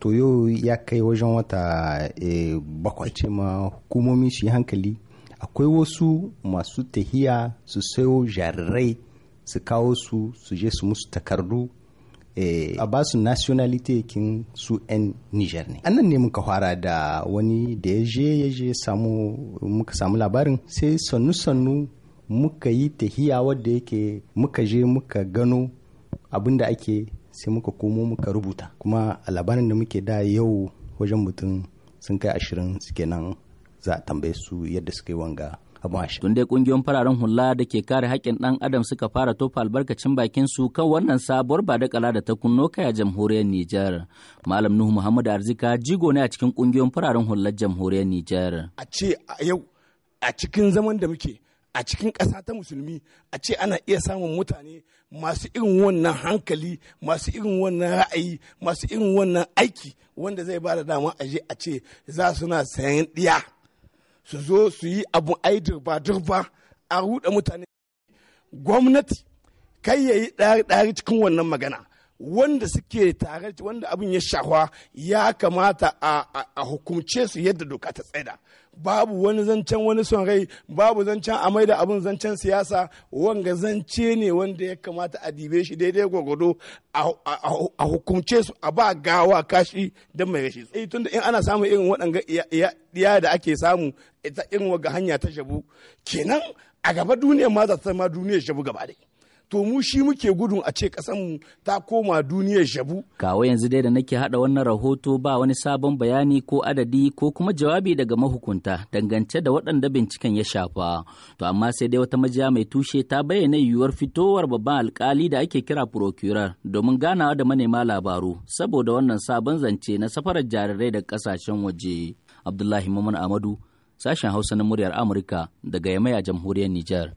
to ya kai wajen wata eh, bakwai ce ma hukumomi shi hankali akwai wasu masu tahiya su sayo jarirai su kawo su su je su musu takardu eh, a ba su nationality kin su 'yan Nijar ne. Annan ne muka fara da wani da ya je ya je samu muka samu labarin sai sannu-sannu muka yi tahiya wadda yake muka je muka gano abin da ake sai muka komo muka rubuta kuma a labarin da muke da yau wajen mutum sun kai ashirin suke nan za a tambaye su yadda suka yi wanga abashi. Tun dai kungiyoyin fararen hula da ke kare haƙƙin ɗan adam suka fara tofa albarkacin bakin su kan wannan sabuwar ba da kala da ta kunno kai jamhuriyar Nijar. Malam Nuhu Muhammad Arzika jigo ne a cikin kungiyoyin fararen hular jamhuriyar Nijar. A ce a yau a cikin zaman da muke a cikin ƙasa ta musulmi a ce ana iya samun mutane masu irin wannan hankali masu irin wannan ra'ayi masu irin wannan aiki wanda zai ba da dama a je a ce za su na sayan ɗiya su zo su yi abu ai durba durba a ruɗa mutane gwamnati kai ya yi ɗari cikin wannan magana wanda suke tare wanda abin ya shahwa ya kamata a hukumce su yadda doka ta tsaida babu wani zancen wani son rai babu zancen a maida abin zancen siyasa wanga zance ne wanda ya kamata a dibe shi daidai gwagwado a hukumce su a ba gawa kashi don mai rashi tsaye tunda in ana samun irin waɗanga iya da ake samu ita irin waga hanya ta shabu kenan a gaba duniya ma za ta ma duniya shabu gaba dai to mu shi muke gudun a ce mu ta koma duniyar shabu. Kawo yanzu dai da nake haɗa wannan rahoto ba wani sabon bayani ko adadi ko kuma jawabi daga mahukunta dangance da waɗanda binciken ya shafa. To amma sai dai wata majiya mai tushe ta bayyana yiwuwar fitowar babban alkali da ake kira procurer domin ganawa da manema labaru saboda wannan sabon zance na safarar jarirai da kasashen waje. Abdullahi Mamman Amadu, sashen Hausa na muryar Amurka daga Yamaya jamhuriyar Nijar.